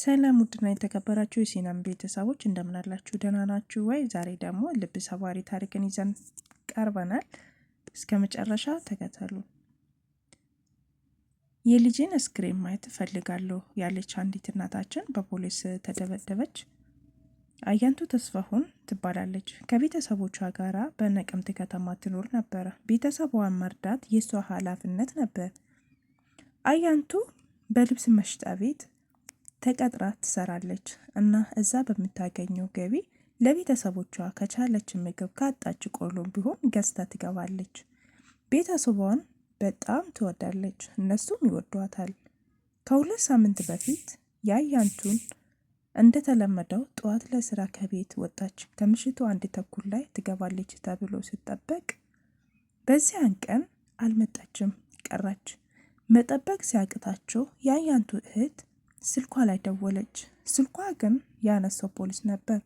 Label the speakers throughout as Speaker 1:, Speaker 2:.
Speaker 1: ሰላም ውድና የተከበራችሁ የሴናም ቤተሰቦች እንደምናላችሁ ደህና ናችሁ ወይ? ዛሬ ደግሞ ልብ ሰባሪ ታሪክን ይዘን ቀርበናል። እስከ መጨረሻ ተከተሉ። የልጅን አስክሬን ማየት እፈልጋለሁ ያለች አንዲት እናታችን በፖሊስ ተደበደበች። አያንቱ ተስፋሁን ትባላለች። ከቤተሰቦቿ ጋራ በነቀምት ከተማ ትኖር ነበረ። ቤተሰቧን መርዳት የእሷ ኃላፊነት ነበር። አያንቱ በልብስ መሽጫ ቤት ተቀጥራ ትሰራለች እና እዛ በምታገኘው ገቢ ለቤተሰቦቿ ከቻለች ምግብ ካጣች ቆሎም ቢሆን ገዝታ ትገባለች። ቤተሰቧን በጣም ትወዳለች፣ እነሱም ይወዷታል። ከሁለት ሳምንት በፊት ያያንቱን እንደተለመደው ጠዋት ለስራ ከቤት ወጣች። ከምሽቱ አንድ ተኩል ላይ ትገባለች ተብሎ ሲጠበቅ በዚያን ቀን አልመጣችም ቀራች። መጠበቅ ሲያቅታቸው ያያንቱ እህት ስልኳ ላይ ደወለች። ስልኳ ግን ያነሳው ፖሊስ ነበር።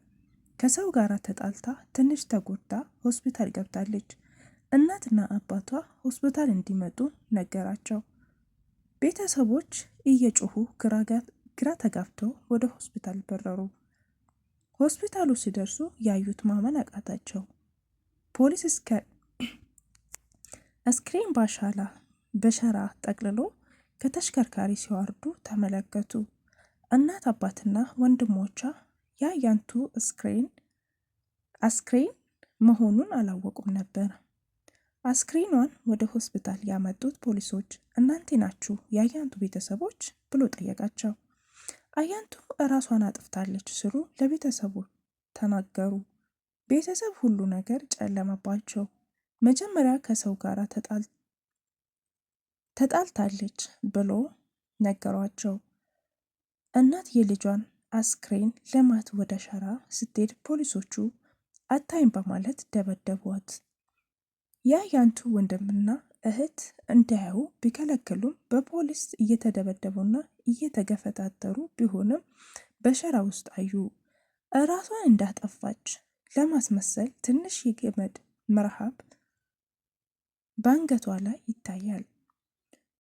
Speaker 1: ከሰው ጋር ተጣልታ ትንሽ ተጎድታ ሆስፒታል ገብታለች። እናትና አባቷ ሆስፒታል እንዲመጡ ነገራቸው። ቤተሰቦች እየጮሁ ግራ ተጋብተው ወደ ሆስፒታል በረሩ። ሆስፒታሉ ሲደርሱ ያዩት ማመን አቃታቸው። ፖሊስ አስክሬን በሸራ ጠቅልሎ ከተሽከርካሪ ሲወርዱ ተመለከቱ። እናት አባትና ወንድሞቿ የአያንቱ አስክሬን አስክሬን መሆኑን አላወቁም ነበር። አስክሬኗን ወደ ሆስፒታል ያመጡት ፖሊሶች እናንቲ ናችሁ የአያንቱ ቤተሰቦች ብሎ ጠየቃቸው። አያንቱ እራሷን አጥፍታለች ሲሉ ለቤተሰቡ ተናገሩ። ቤተሰብ ሁሉ ነገር ጨለመባቸው። መጀመሪያ ከሰው ጋር ተጣል ተጣልታለች ብሎ ነገሯቸው። እናት የልጇን አስክሬን ለማት ወደ ሸራ ስትሄድ ፖሊሶቹ አታይም በማለት ደበደቧት። የአያንቱ ወንድምና እህት እንዳያዩ ቢከለክሉም በፖሊስ እየተደበደቡና እየተገፈታተሩ ቢሆንም በሸራ ውስጥ አዩ። እራሷን እንዳጠፋች ለማስመሰል ትንሽ የገመድ መርሃብ በአንገቷ ላይ ይታያል።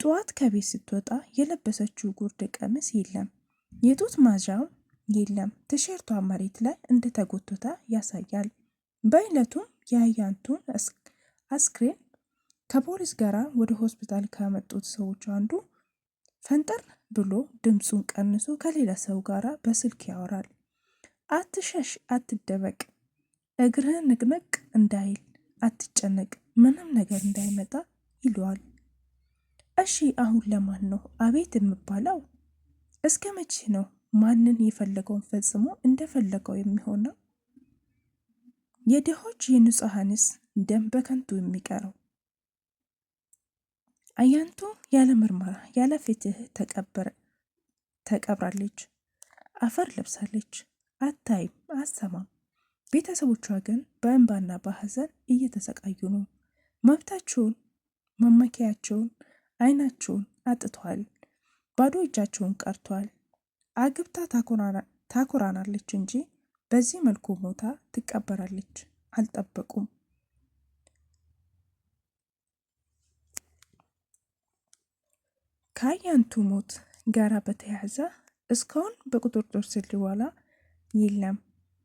Speaker 1: ጠዋት ከቤት ስትወጣ የለበሰችው ጉርድ ቀሚስ የለም፣ የጡት ማዣም የለም። ትሸርቷ መሬት ላይ እንደተጎተተ ያሳያል። በዕለቱም የአያንቱን አስክሬን ከፖሊስ ጋር ወደ ሆስፒታል ከመጡት ሰዎች አንዱ ፈንጠር ብሎ ድምፁን ቀንሶ ከሌላ ሰው ጋር በስልክ ያወራል። አትሸሽ፣ አትደበቅ፣ እግርህ ንቅንቅ እንዳይል፣ አትጨነቅ፣ ምንም ነገር እንዳይመጣ ይለዋል። እሺ አሁን ለማን ነው አቤት የምባለው? እስከ መቼ ነው ማንን የፈለገውን ፈጽሞ እንደፈለገው የሚሆነው? የድሆች የንጹሐንስ ደም በከንቱ የሚቀረው አያንቱ ያለ ምርመራ ያለ ፍትህ ተቀበረ ተቀብራለች፣ አፈር ለብሳለች፣ አታይም፣ አሰማም። ቤተሰቦቿ ግን በእንባና በሐዘን እየተሰቃዩ ነው። መብታቸውን መመኪያቸውን አይናችሁን አጥቷል፣ ባዶ እጃችሁን ቀርቷል። አግብታ ታኮራናለች እንጂ በዚህ መልኩ ሞታ ትቀበራለች አልጠበቁም። ከአያንቱ ሞት ጋር በተያያዘ እስካሁን በቁጥጥር ስር ሊዋላ የለም፣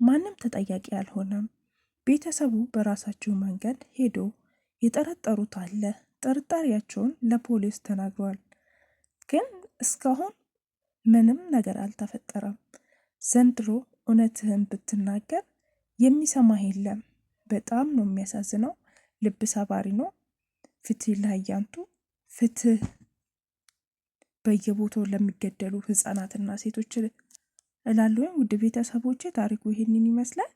Speaker 1: ማንም ተጠያቂ አልሆነም። ቤተሰቡ በራሳቸው መንገድ ሄዶ የጠረጠሩት አለ ጥርጣሪያቸውን ለፖሊስ ተናግረዋል። ግን እስካሁን ምንም ነገር አልተፈጠረም። ዘንድሮ እውነትህን ብትናገር የሚሰማህ የለም። በጣም ነው የሚያሳዝነው። ልብ ሰባሪ ነው። ፍትህ ለሀያንቱ ፍትህ በየቦታው ለሚገደሉ ህጻናትና ሴቶች እላለሁ። ውድ ቤተሰቦቼ ታሪኩ ይሄንን ይመስላል።